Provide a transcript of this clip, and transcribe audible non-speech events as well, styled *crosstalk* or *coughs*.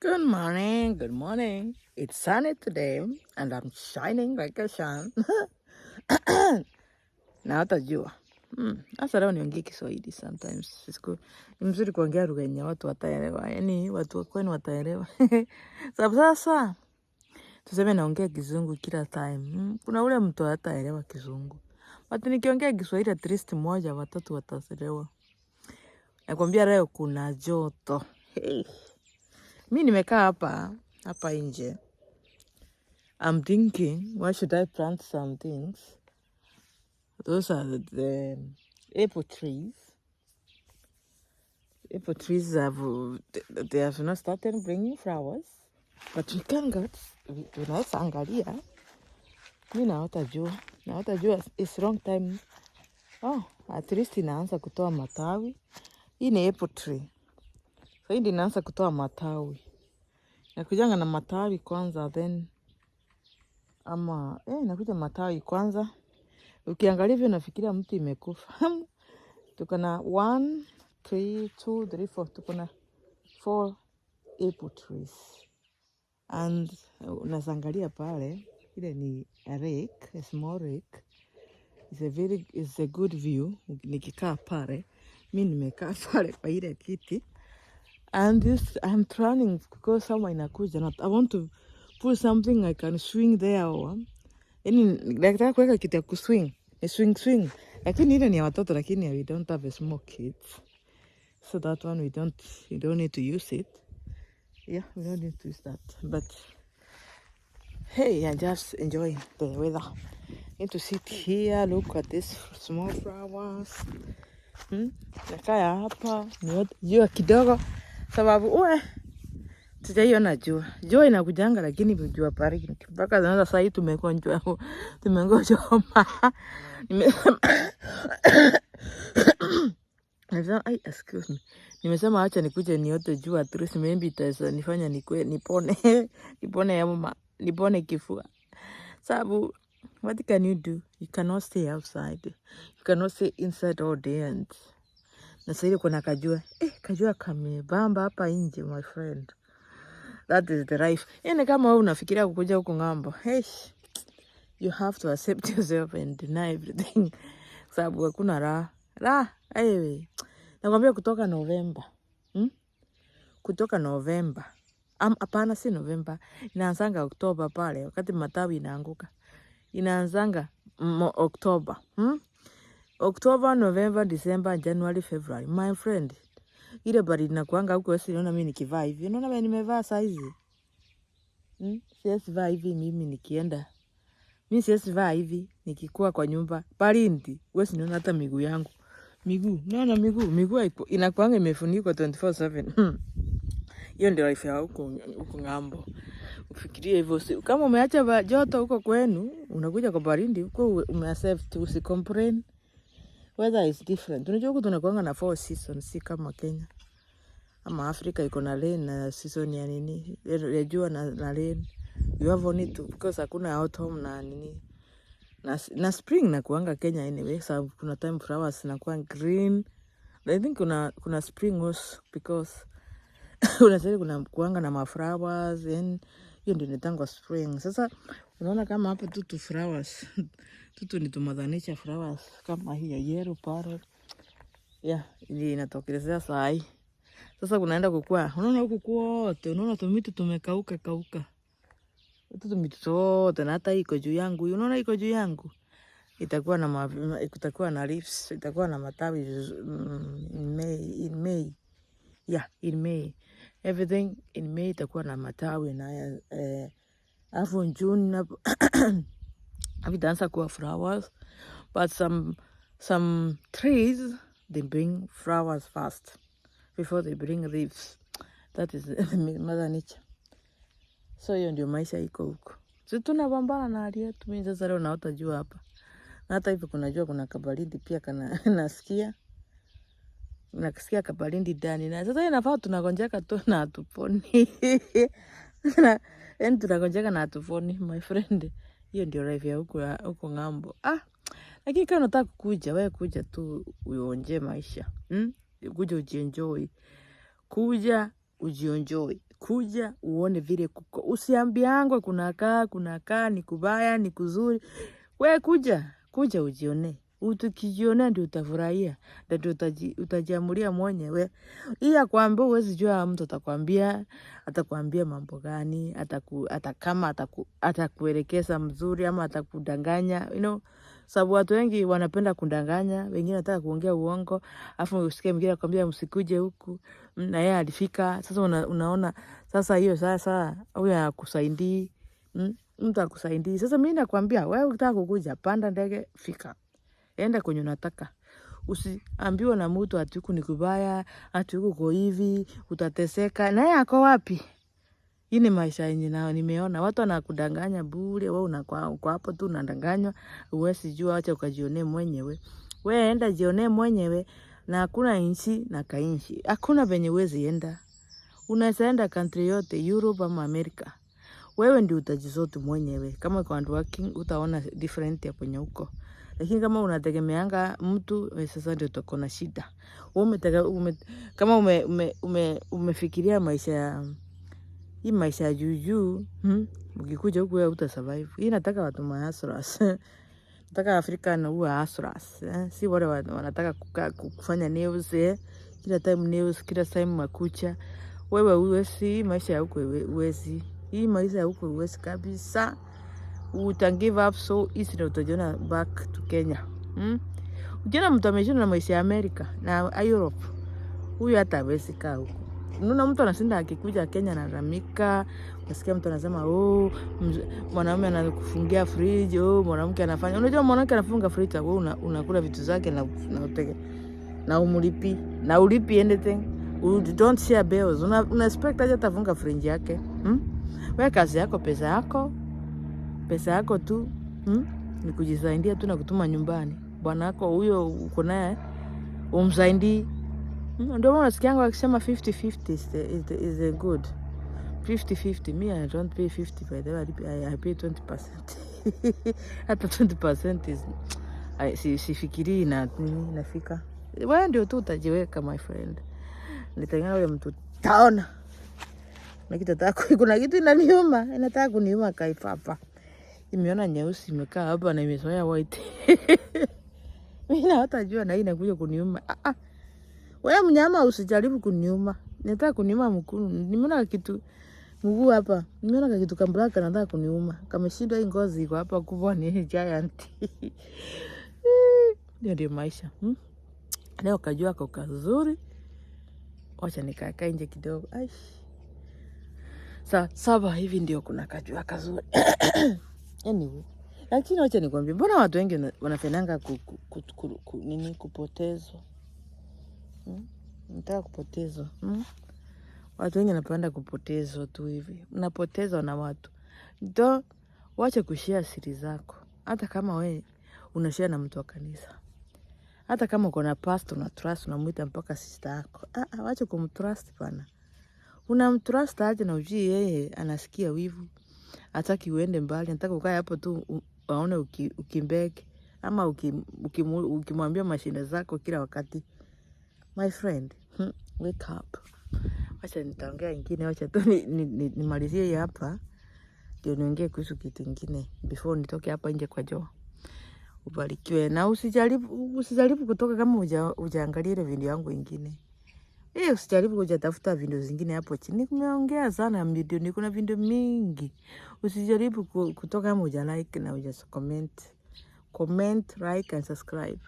Good morning, good morning. It's sunny today and I'm shining like a sun. na hata jua. Hmm. leo niongee Kiswahili sometimes. It's good. Ni mzuri kuongea lugha yenye watu wataelewa. Yaani watu wa kwenu wataelewa. Sababu *laughs* sasa tuseme naongea kizungu kila time. Hmm, kuna ule mtu hataelewa kizungu. But nikiongea Kiswahili at least moja watatu wataelewa. Nakwambia leo kuna joto. Hey mi nimekaa hapa hapa nje. I'm thinking why should I plant some things. Those are the apple trees. Apple trees have they have not started bringing flowers but we can get tunaweza angalia. Mi naota jua naota jua is wrong time. Oh, at least inaanza kutoa matawi. Hii ni apple tree. Saidi naanza kutoa matawi. Nakujanga na matawi kwanza then ama eh, nakuja matawi kwanza. Ukiangalia hivyo nafikiria mti imekufa. Tuko na 1 3 2 3 4 tuko na 4 apple trees. And unazangalia pale ile ni a rake, a small rake. It's a very it's a good view nikikaa pale. Mimi nimekaa *laughs* pale kwa ile kiti and this I'm planning because summer inakuja na I want to put something I can swing there or yani nataka kuweka kitu ya kuswing ni swing swing, lakini ile ni ya watoto, lakini we don't have a small kids so that one we don't we don't need to use it yeah we don't need to use that but hey I'm just enjoying the weather into sit here look at this small flowers hmm? Nakaya hapa niyo kidogo sababu uwe sijaiona jua. Jua inakujanga lakini jua baridi. Mpaka sasa saa hii tumegonjwa. Tumegonjwa homa. Nimesema Nimesema ai, excuse me. Nimesema acha nikuje niote jua at least maybe itaweza nifanya nikwe nipone. *laughs* Nipone ya mama, nipone kifua. Sababu what can you do? You cannot stay outside. You cannot stay inside all day and na sasa ile kuna kajua. Eh, kajua kamebamba hapa nje my friend. That is the life. Yani eh, kama wewe unafikiria kukuja huko ng'ambo. Hey. You have to accept yourself and deny everything. Sababu hakuna raha. Raha, aiwe. Nakwambia kutoka Novemba. Hmm? Kutoka Novemba. Am, hapana si Novemba. Inaanzanga Oktoba pale wakati matawi inaanguka. Inaanzanga Oktoba. Hmm? October, November, December, January, February. My friend, ile baridi kuanga huko wewe, unaona mimi nikivaa hivi. Unaona mimi nimevaa saizi. Mm, siwezi vaa hivi mimi nikienda. Mimi siwezi vaa hivi nikikua kwa nyumba. Baridi, wewe unaona hata miguu yangu. Miguu, naona miguu, miguu inakuanga imefunikwa 24/7. Hmm. Hiyo ndio life ya huko huko ng'ambo. Ufikirie hivyo, kama umeacha joto huko kwenu, unakuja kwa baridi huko, umeaccept, usicomplain weather is different. Unajua huku tunakuanga na four seasons, si kama Kenya ama Afrika iko na rain na uh, season ya nini ya jua na, na rain you have only two because hakuna autumn na nini na, na spring na kuanga Kenya anyway, sababu kuna time flowers na kuwa green but I think kuna kuna spring also because *coughs* unasema kuna kuanga na maflowers and hiyo ndio inatangwa spring. Sasa unaona kama hapa tu tu flowers *laughs* Tutu ni tumadhanisha flowers kama hii ya yellow parrot. ya hii inatokelezea saa hii. Sasa kunaenda kukua. Unaona huku kwote, unaona tumitu tumekauka kauka. Hitu tumitu zote na hata iko juu yangu. Unaona iko juu yangu. Itakuwa na ma, itakuwa na leaves, itakuwa na matawi mm, in May, in May. Yeah, in May. Everything in May itakuwa na matawi na eh, eh afu June na *clears throat* havijaanza kuwa flowers but some, some trees they bring flowers first before they bring leaves. That is *laughs* mother nature. So hiyo ndio maisha iko huko. Si tunapambana na hali yetu. Mimi sasa leo naota jua hapa. Na hata hivi kuna jua, kuna kabaridi pia kana *laughs* nasikia. Nakisikia kabaridi ndani. Na sasa inafaa tunagonjeka tu na hatuponi. *laughs* Yaani tunagonjeka na hatuponi my friend hiyo ndio life ya huko huko ng'ambo. Ah, lakini kama unataka kukuja, wewe, kuja tu uonje maisha mm? Kuja ujienjoy, kuja ujienjoy, kuja uone vile kuko. Usiambiangwe kunakaa kunakaa ni kubaya ni kuzuri. We kuja kuja ujione. Utukijiona ndio utafurahia na ndio utajiamulia mwenyewe. Hii ya kwamba uwezi jua mtu atakwambia atakwambia mambo gani, ataku atakama ataku, atakuelekeza mzuri ama atakudanganya, you know, sababu watu wengi wanapenda kudanganya, wengine wanataka kuongea uongo, afu usikie mwingine akwambia msikuje huku na yeye alifika. Sasa una, unaona sasa hiyo sasa huyo akusaidii hmm, mtu akusaidii. Sasa mimi nakwambia wewe, ukitaka kukuja, panda ndege, fika Enda kwenye unataka. Usiambiwe na mtu ati huku ni kubaya, ati huku uko hivi, utateseka. Naye ako wapi? Hii ni maisha yenye nao nimeona. Watu wanakudanganya bure, wewe unakuwa uko hapo tu unadanganywa. Uwezi sijua, acha ukajionee mwenyewe. Wewe enda jionee mwenyewe na hakuna nchi na kainchi. Hakuna venye uwezi enda. Unaweza enda country yote Europe ama Amerika. Wewe ndio utajisoti mwenyewe. Kama kwa working utaona different ya kwenye uko. Lakini kama unategemeanga mtu eh, sasa, ndio tuko na shida. Ume, kama ume, ume, ume, umefikiria maisha ya hii maisha ya juu juu, hmm? Ukikuja huku uta survive. Hii *laughs* nataka watu mahasras nataka Afrika na uwe hasras eh? Si wale wanataka kuka, kufanya news eh? Kila time news, kila time makucha. Wewe uwezi, maisha ya huko uwezi, hii maisha ya huko uwezi kabisa uta give up so easily, utajiona back to Kenya. Mm? Ujiona mtu ameshinda na maisha ya Amerika na Europe, huyu hata hawezi kaa huko. Unaona mtu anashinda akikuja Kenya na ramika, unasikia mtu anasema oh, mwanaume anakufungia fridge, oh, mwanamke anafanya. Unajua mwanamke anafunga fridge, wewe una, unakula vitu zake na na uteke na umulipi na ulipi anything. You don't share bills. Una, una expect aje atafunga fridge yake? Mm? Wewe kazi yako, pesa yako, pesa yako tu hmm? ni kujisaidia tu na kutuma nyumbani. Bwana yako huyo uko naye umsaidii. Hmm, ndio maana yangu akisema 50-50 is a good 50-50. Me I don't pay 50 by the way, I, I pay 20%. percent *laughs* hata 20% is si, sifikirii na nini nafika. Wewe ndio tu utajiweka my friend. Nitengana huyo mtu taona. Na kitu tako kuna kitu inaniuma, inataka kuniuma kaipapa imeona nyeusi imekaa hapa na imezoea white. *laughs* Mimi na hata jua na hii inakuja kuniuma. Ah ah. Wewe mnyama usijaribu kuniuma. Nataka kuniuma mkuu. Nimeona kitu mguu hapa. Nimeona kitu kama kamblaka nataka kuniuma. Kama shida hii ngozi iko hapa kubwa ni giant. Ndio *laughs* ndio maisha. Hmm? Leo kajua kwa kazuri. Wacha nikakaa nje kidogo. Aish. Sa, saba hivi ndio kuna kajua kazuri. *coughs* Anyway, lakini wacha nikwambie, mbona watu wengi wanapendanga ku, ku, ku, ku, ku, nini kupotezwa mtaka hmm? kupotezwa hmm? Watu wengi wanapenda kupotezwa tu hivi, mnapotezwa na watu ndo Wacha kushia siri zako, hata kama we unashia na mtu wa kanisa, hata kama uko na pastor una trust, unamwita mpaka sister yako. Ah, ah wacha kumtrust bana. Unamtrust aje na ujui yeye anasikia wivu hataki uende mbali, nataka ukae hapo tu waone uki, ukimbeke ama ukimwambia uki, mashine zako kila wakati. My friend, hmm, wake up. Wacha nitaongea ingine, wacha tu nimalizie ni, ni, ni hapa ndio niongee kuhusu kitu ingine before nitoke hapa nje kwa jua. Ubarikiwe na usijaribu, usijaribu kutoka kama uja, ujaangalia ile video yangu ingine. Eh, usijaribu kujatafuta vindo zingine hapo chini. Nimeongea sana video, niko na vindo mingi. Usijaribu kutoka hapo, uja like na uja comment. Comment, like and subscribe.